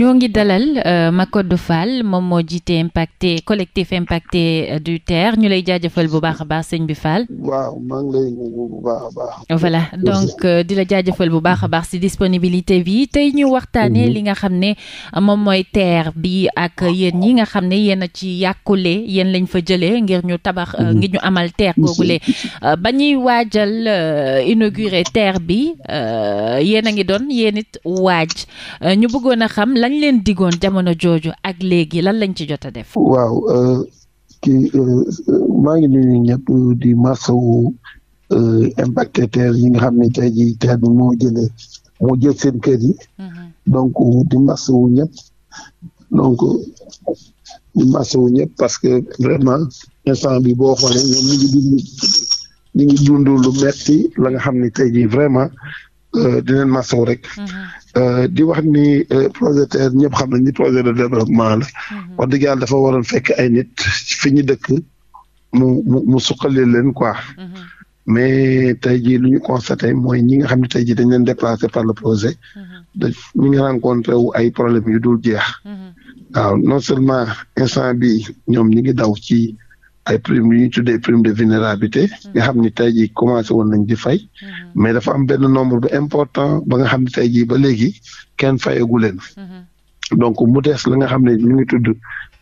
ñoo ngi dalal euh, Macodou Fall moom moo jiite impacté collectif impacté euh, du TER ñu lay jaajëfal bu baax a baax sëñ bi Fall. waaw maa lay donc euh, di la jaajëfal bu baax a baax si disponibilité tey ñu waxtaanee mhm. li nga xam ne moom mooy TER bi ak yéen ñi nga xam ne yéen a ci yàqule yéen lañ fa jëlee ngir ñu tabax mhm. ngir ñu amal TER googule ba ñuy waajal inauguré TER bi yéen a ngi doon yéen it waaj ñu bëggoon a xam. lañ leen digoon jamono jooju ak léegi lan lañ ci jot a def. waaw euh, kii euh, maa ngi nuyu ñëpp di masawu euh, impacté terre yi nga xam ne tey jii terre moo jëlee moo jël seen kër yi. Mm-hmm. donc di masawu ñëpp donc di masawu ñëpp parce que vraiment instant bi boo xoolee ñoom ñu ngi dund lu metti la nga xam ne tey jii vraiment dineen masawu rek. Mm-hmm. Euh, di wax ni euh, projet TER ñëpp de développement la. o mhm. dëgg yàlla dafa waroon fekk ay nit fi ñu dëkk mu mu mu suqali leen quoi. Mhm. mais tey jii lu ñu constaté mooy ñi nga xam ne tey jii dañ leen par le projet. Mhm. da ñu ngi rencontré wu ay problèmes yu dul jeex. waaw non seulement instant bi ñoom ñi ngi daw ci. ay primes yu ñu tuddee prime de vulnérabilité mm-hmm. nga xam ni tey jii commencé woon nañ di fay mm-hmm. mais dafa am benn nombre bu important ba nga xam ne tey jii ba léegi kenn fayagu leen mm-hmm. donc mu des la nga xam ne ñu ngi tudd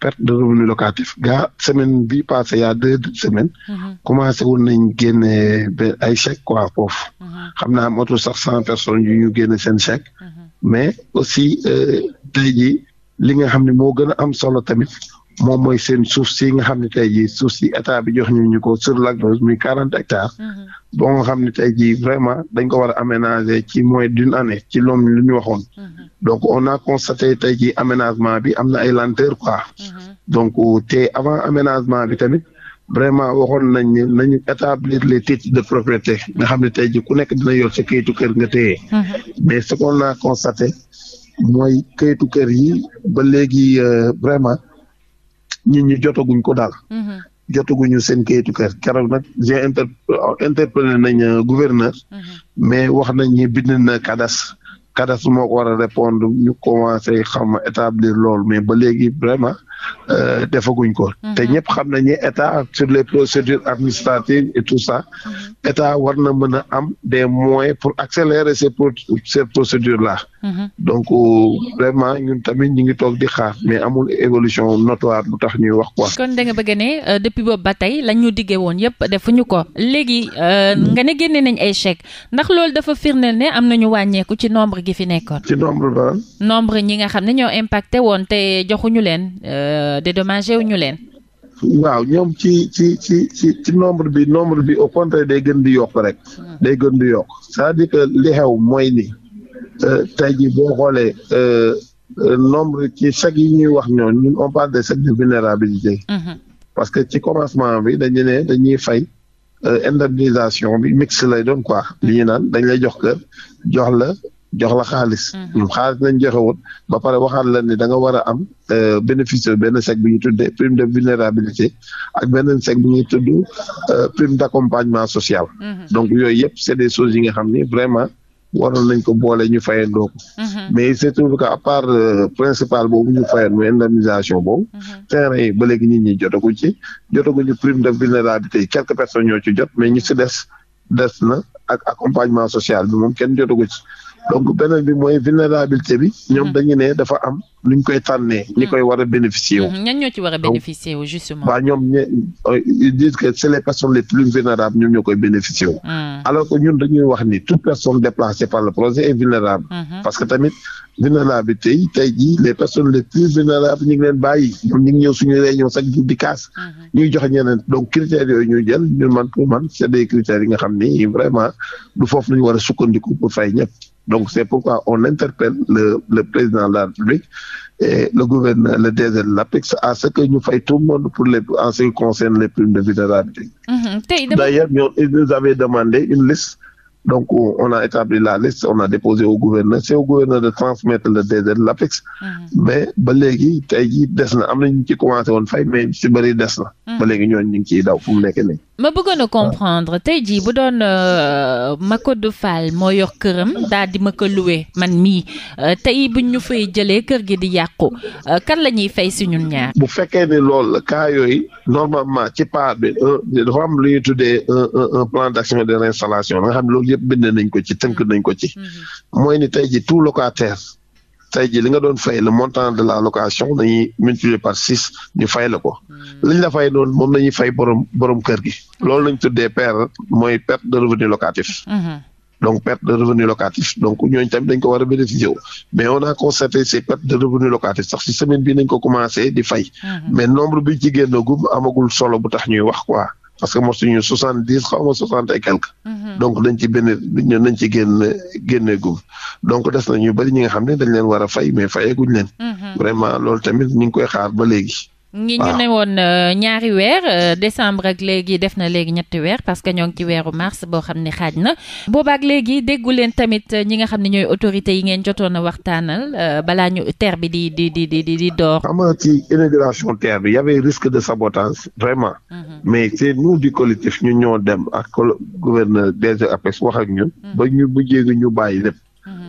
perte de revenu locatif gaa semaine bi passé y a deux commencé woon nañ génne ay chèque quoi foofu xam naa motul sax cent personnes yu ñu génne seen chèque mais aussi euh, tey jii li nga xam ne moo gën a am solo tamit moom mooy seen suuf si nga xam ne tey jii suuf si état bi jox ñu ñu ko sur l'agros muy quarante hectares. Mm-hmm. bo nga xam ne tey jii vraiment dañ ko war a aménager ci moins d'une année ci loom lu ñu waxoon. Mm-hmm. donc o a constaté tey jii aménagement bi am na ay lenteur quoi. Mm-hmm. donc te avant aménagement bi tamit. vraiment waxoon nañ ne nañu établir les titres de propriété nga xam ne tey jii ku nekk dina yor sa kayitu kër nga téye mais ce qu'on a constaté mooy kayitu kër yi ba léegi euh, vraiment nit ñi jotaguñ ko daal. Mm-hmm. jotaguñu seen kayitu kër keroog na j'ai na interpellé euh, gouverneur. Mm-hmm. mais wax nañ ni bind na kadas kadas moo ko war a répondre ñu commencé xam établir loolu mais ba léegi vraiment euh, defaguñ ko. Mm-hmm. te ñëpp xam na ni état sur les procédures administratives et tout état war na mën a am des moyens pour accélérer ces pro ces procédures là. donc vraiment ñun tamit ñu ngi toog di xaar mais amul évolution notoire bu tax ñuy wax ko quoi. kon da nga bëgg ne euh, depuis boobu ba tey lañ ñu diggee woon yëpp defuñu ko léegi euh, nga ne génne nañ ay chèques ndax loolu dafa firndeel ne am nañu wàññeeku ci nombre gi fi nekkoon. ci nombre ba. nombre ñi nga xam ne ñoo impacté woon te joxuñu leen euh, dédommagé wuñu leen. waaw ñoom ci ci ci ci nombre bi nombre bi au contraire day gën di yokk rek. Hmm. day gën di yokk cest à que mooy ni Euh, tey jii boo xoolee euh, euh, nombre ci chèques yi ñuy wax ñoon ñun on parle de chèques de vulnérabilité. Mm-hmm. parce que ci commencement bi dañ ne dañuy fay indemnisation bi mix lay doon quoi li ñu naan dañ lay jox kër jox la jox la xaalis. Mm-hmm. ñun xaalis lañ joxe woon ba pare waxaat la ni da nga war am bénéficier benn chèque bi ñuy tuddee prime de vulnérabilité ak benn chèque bi ñuy tudd prime d' social. Mm-hmm. donc yooyu yëpp c' est des yi nga xam ni vraiment. waroon nañ ko boole ñu fayandoo ko. Mhm. mais il se trouve que à part euh, principal boobu ñu fayal muy indemnisation boobu. Mhm. terrain yi ba léegi nit ñi jotaguñ ci jotaguñu prime de vulnérabilité yi personne personnes ñoo ci jot mais ñu si des des na ak accompagnement social bi moom kenn jotagu ci. donc beneen bi mooy vulnérabilité bi. ñoom mhm. dañu ne dafa am lu ñu koy tànnee. ñi mhm. koy war a bénéficier wu. Mhm. ñan a bénéficier wu ñoom ñe ils c'est les personnes les plus vulnérables par le projet est vulnérable. parce que tamit vulnérabilité yi tey jii les personnes les plus vulnérables ñu ngi leen bàyyi ñoom suñu réunion sax di kaas. ñuy joxe ñeneen donc critères yooyu ñuy jël ñun man pour man c'est des critères yi nga xam ni vraiment du foofu la ñu war a Donc c'est pourquoi on interpelle le, président de la République et le gouverneur, le DG de l'APEX à ce que ñu fay tout le monde pour les en ce qui concerne les primes de vulnérabilité. Mm-hmm. D'ailleurs, nous avaient demandé une liste. Donc on a établi la liste, on a déposé au gouverneur, c'est au gouverneur de transmettre le DG de l'APEX. Mm-hmm. Mais ba léegi des na am na ñu ci commencé woon fay mais si bëri des na. Mm-hmm. ba léegi ñooñu ñu ngi ciy daw mu nekk nii. ma bëggoon a comprendre ah. tey jii bu doon euh, Macodou Fall moo yor këram daal di ma ko man mii euh, tey buñ ñu fay jëlee kër gi di yàqu euh, kan la ñuy fay si ñun ñaar. bu fekkee ni lool la yooy yooyu normalement ci part bi dafa am luñuy tuddee un un plan d'action de réinstallation nga xam ne loolu yëpp bind nañ ko ci tënk nañ ko ci. Mm-hmm. mooy ni tey jii tout locataire. tey jii li nga doon fay le montant de la location dañuy multiplier par six ñu fay la ko hmm. liñ la fay noonu moom lañuy fay borom kër gi hmm. loolu lañ tuddee perte mooy perte de revenu locatif hmm. donc perte de revenu locatif donc ñooñu tamit dañ ko war a bénéficier wu mais on a constaté ces de revenu locatif sax ci semaine bi nañ ko commencé di fay mais nombre bi jigéen na gum amagul solo bu tax ñuy wax quoi parce que mosuñu soixante dix xaw ma soixante et quelque. Mhm. donc dañ ci nañ ci génn génne gum donc des na ñu bëri ñi nga xam ne dañ leen war a fay mais fayeguñ leen. Mhm. vraiment loolu tamit ñu ngi koy xaar ba léegi. ngi ñu ne woon euh, ñaari weer euh, décembre ak léegi def na léegi ñetti weer parce que ñoo ngi ci weeru mars boo xam ne xaaj na boobaak léegi déggu leen tamit euh, ñi nga xam ne ñooy autorités yi ngeen jotoon a waxtaanal balaa ñu teer bi di di di di di door. xam nga ci inauguration TER bi y risque de sabotage vraiment. Mhm. mais c'est nous du collectif ñu ñoo dem ak gouverneur des APEX wax ak ñun. Mhm. ba ñu bu jéegi ñu bàyyi lépp.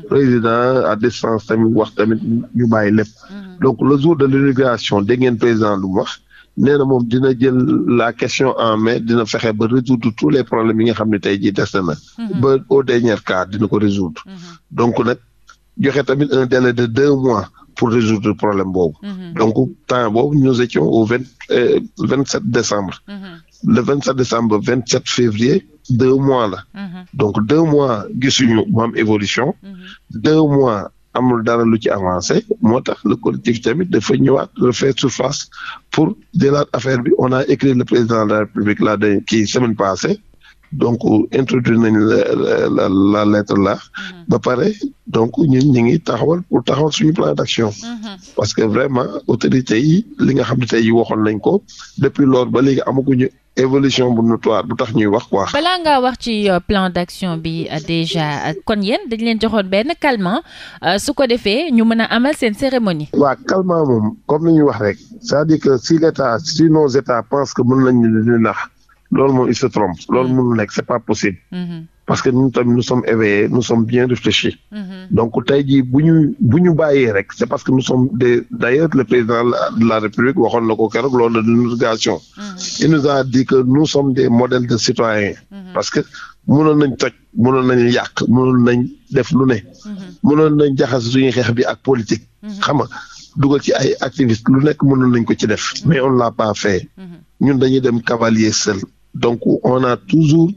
président à distance tamit wax tamit ñu bàyyi lépp mhm. donc le jour de l'inauguration dégg ngeen président lu wax nee na moom dina jël la question en main dina fexe ba résoudre tous les problèmes yi nga xam ne te jii des na mhm. ba au dernier cas dina ko résoudre mhm. donc nag joxe tamit un délai de deux mois pour résoudre problème boobu donc temps boobu nous étions au vingt euh, vingt sept décembre le vingt sept décembre vingt sept février deux mois la. Mm -hmm. donc deux mois gisuñu mu évolution. Mhm. deux mois amul dara lu ci avancé moo tax le collectif tamit dafa ñëwaat refaire surface pour jëlaat affaire bi on a écrit le président de la république la day kii semaine passée. donc introduire nañ la la la lettre là. Mhm. ba pare donc ñun ñu taxawal pour taxawal suñu plan d'action. Mhm. parce que vraiment autorité yi li nga xam ne tey waxoon nañ ko depuis loolu ba léegi amaguñu évolution bu notoire bu tax ñuy wax quoi. balaa ngaa wax ci euh, plan d'action bi euh, déjà euh, kon yéen dañ leen joxoon benn calmant su ko defee ñu mën a amal seen cérémonie. waaw calmant moom comme ni ñuy wax rek c'est-à-dire que si l'État si nos États pensent que mun nañu ñu nax loolu moom il se trompe loolu mënul nekk c'est pas possible. Mm-hmm. parce que nu tamit nous sommes éveillés nous sommes bien réfléchis. Mm-hmm. donc tey jii bu ñu bu ñu bàyyee rek c'est parce que nous sommes des d'ailleurs le président de la République waxoon na ko keroog loolu de négociation. Mm-hmm. il nous a dit que nous sommes des modèles de citoyens. Mm-hmm. parce que mënoon nañ toj mënoon nañ yàq mënoon nañ def lu ne. mënoon nañ jaxas suñu xeex bi ak politique. xam nga dugal ci ay activistes lu nekk mënoon nañ ko ci def mais on l'a pas fait. ñun dañuy dem cavalier seul. donc on a toujours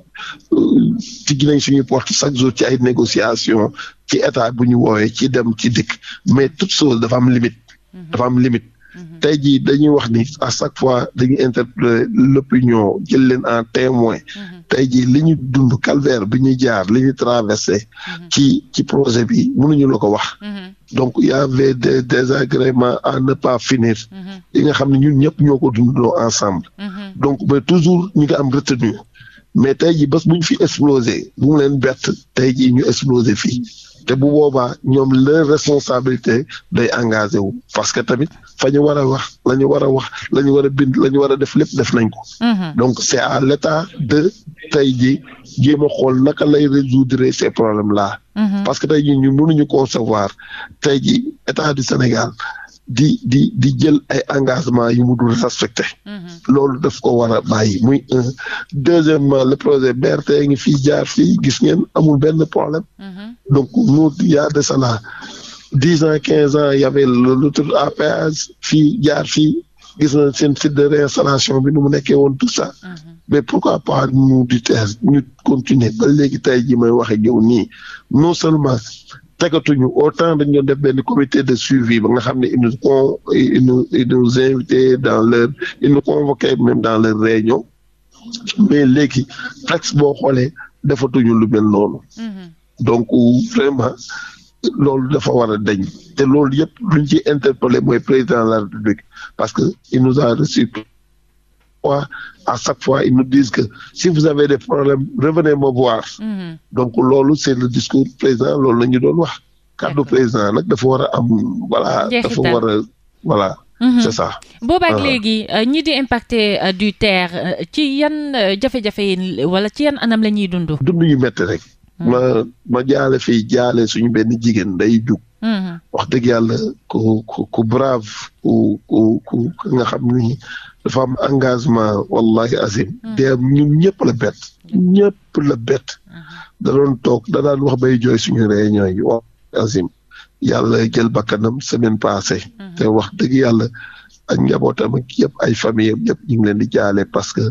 euh, tijji nañ suñuy porte chaque jour ci ay négociation ci état bu ñu woowee ci dem ci dikk mais toute chose dafa am limite. Mhm. dafa am limite. Mhm. tey jii dañuy wax ni à chaque fois dañuy interpeller l'opinion jël leen en témoin mhm. tey jii li ñu dund calvaire bi ñuy jaar li ñu traversé. ci projet bi mënuñu la ko wax. donc il y avait des désagréments à ne pas finir. Mm-hmm. yi nga ne ñun ñëpp ñoo ensemble. Mm-hmm. donc mais toujours ñi nga am retenu mais tey ji bés bu ñu fi explosé bu mu leen bett tey ji ñu explosé fii te bu boobaa ñoom leur responsabilité day engagé wu parce que tamit fa ñu war a wax la ñu war a wax la ñu war a bind la ñu war a def lépp def nañ ko. Mm-hmm. donc c' est à l' de tey ji jéem a xool naka lay résoudre ces problèmes la mm-hmm. parce que tey ji ñu mënuñu concevoir tey ji état du Sénégal. di di jël ay engagement yu mu dul respecté mhm. loolu daf ko war a bàyyi muy un deuxièmement le projet BRT ngi fi jaar fii gis ngeen amul benn problème mhm. donc nous y de cela dix ans quinze ans y avait l'autoroute à fii jaar fi gis na seen site de réinstallation bi nu mu nekkee woon tout ça mhm. mais pourquoi pas ñu di teer ñu continuer ba léegi tey ji may waxe yow nii non seulement tegatuñu autant dañ doon def benn comité de suivi ba nga xam ne ils nous con ils nous ils nous dans leur ils nous convoquaient même dans leur réunion mais léegi flex boo xoolee defatuñu lu mel noonu. Mm-hmm. donc vraiment loolu dafa war a dañ te loolu yëpp luñ ci interpellé mooy président la république parce que il nous a reçu fois, à chaque fois, ils nous disent que si vous avez des problèmes, revenez me voir. Mhm. Donc loolu c'est le discours président loolu la ñu doon wax. kàddu président nag dafa war a am. voilà dafa war a voilà. Mm -hmm. c'est ça. boobaak léegi euh, ñi impacté euh, du terre euh, ci yan jafe-jafe yi wala ci yan anam la ñuy dund. dund yu métti rek. Mhm. ma ma jaale fii jaale suñu benn jigéen day jug. wax dëgg yàlla ku ku ku brave ku ku ku xam ni dafa engagement wallahi azim. Mm. te ñun ñëpp la bett. ñëpp la bett. Mm-hmm. da doon toog wax bay jooy suñu réunion yi wallahi azim yàlla semaine passée. Mm-hmm. te wax dëgg yàlla ak njabootam ak yëpp ay famille yëpp ñu ngi leen di jaale parce que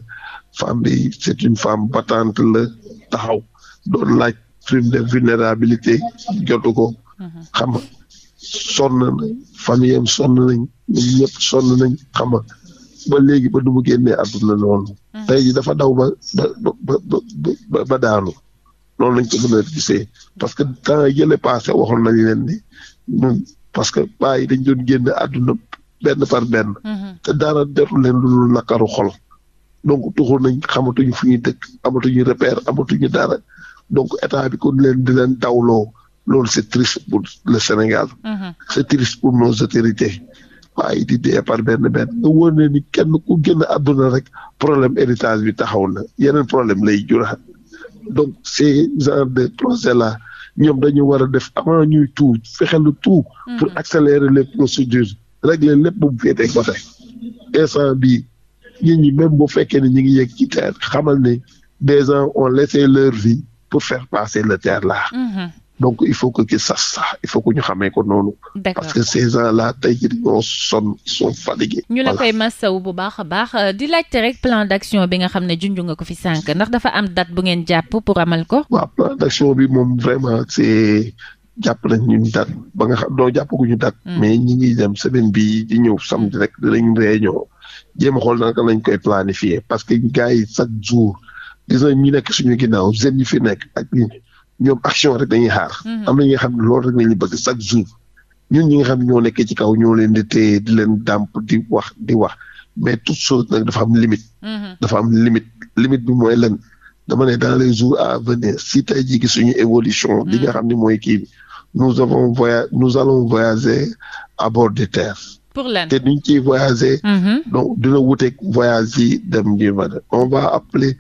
femme bi c'est une femme taxaw doon laaj prime de vulnérabilité jotu Mm-hmm. xam nga sonn na famille am sonn nañ ñun ñëpp sonn nañ xam nga ba léegi ba du mu génnee àdduna loolu. Mm-hmm. ji dafa daw ba ba ba ba daanu loolu lañ ko mën parce que temps yële passé waxoon nañ leen ni ñun parce que bàyyi dañ doon génn àdduna benn par benn. Mm-hmm. te dara defu leen lu dul naqaru xol. donc tuxu nañ xamatuñu fu ñuy dëkk amatuñu repère amatuñu dara donc état bi kon leen di leen dawloo loolu c'est triste pour le Sénégal. Mhm. c'est triste pour nos autorités. waaye di dee par benn benn nga wóor ne kenn ku génn àdduna rek problème héritage bi taxaw na yeneen problème lay juraat donc ces genre de procès la ñoom dañu war a def avant ñuy tout fexe lu tout. Mhm. pour accélérer les procédures régler lépp bu mu féetee côté. instant bi nit ñi même bu fekkee ne ñu ngi yegg ci terre xamal ne des gens on laissé leur vie pour faire passer le terre la donc il faut que qu'ils sachent ça il faut que ñu xamee ko noonu. parce que ces gens là tey jii ñoo sonn ils sont ñu la koy masawu bu baax a baax euh, di laajte rek plan d'action bi nga xam ne junj nga ko fi sànq ndax dafa am date bu ngeen jàpp pour amal ko. waaw plan d'action bi moom vraiment c'est jàpp nañ ñun date ba nga xam doo jàpp gu ñu hmm. mais ñi ngi dem semaine bi di ñëw samedi rek dinañ réunion jéem a xool naka nañ koy planifier parce que gars yi chaque jour gis nañ ñi nekk suñu ginnaaw jeunes yi fi nekk ak ñoom action rek dañuy xaar. Mhm. am na ñi xam ne rek la bëgg chaque jour ñun ñi nga xam ne ñoo nekkee ci kaw ñoo leen di téye di leen dàmp di wax di wax mais toute chose nag dafa am limite. Mhm. dafa am limite limite bi mooy lan dama ne dans les jours à venir si tey jii suñu évolution. li mhm. nga xam ne mooy kii bi nous avons voya nous allons voyager à bord des terres. pour lan te duñ ciy voyager. dina wuteeg voyage yi dem di ma on va appeler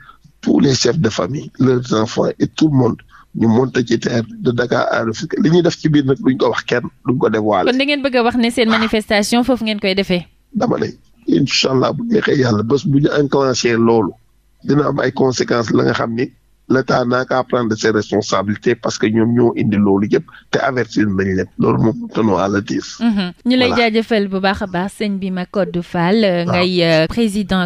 tous les chefs de famille leurs enfants et tout le ñu monté ci TER de Dakar à Rufisque def ci biir nag duñ ko wax kenn duñ ko def waale. kon da ngeen a wax ne seen ah. manifestation foofu ngeen koy defee. dama ne incha allah bu neexee yàlla bés bu ñu enclenché loolu dina am ay conséquences la nga xam ni l'État n'a qu'à prendre ses responsabilités parce que ñoom ñoo indi loolu yëpp te avertir nañ leen loolu moom tonton àll diis. Mhm. ñu lay jaajëfal bu baax a baax sëñ bi Macodou Fall. Euh, ngay euh, président